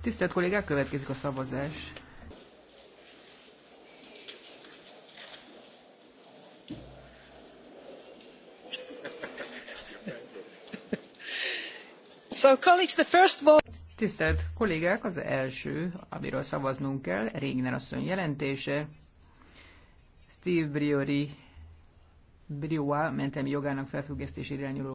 Tisztelt kollégák, következik a szavazás. Tisztelt kollégák, az első, amiről szavaznunk kell, Régner asszony jelentése, Steve Briori Brioa mentem jogának felfüggesztésére irányuló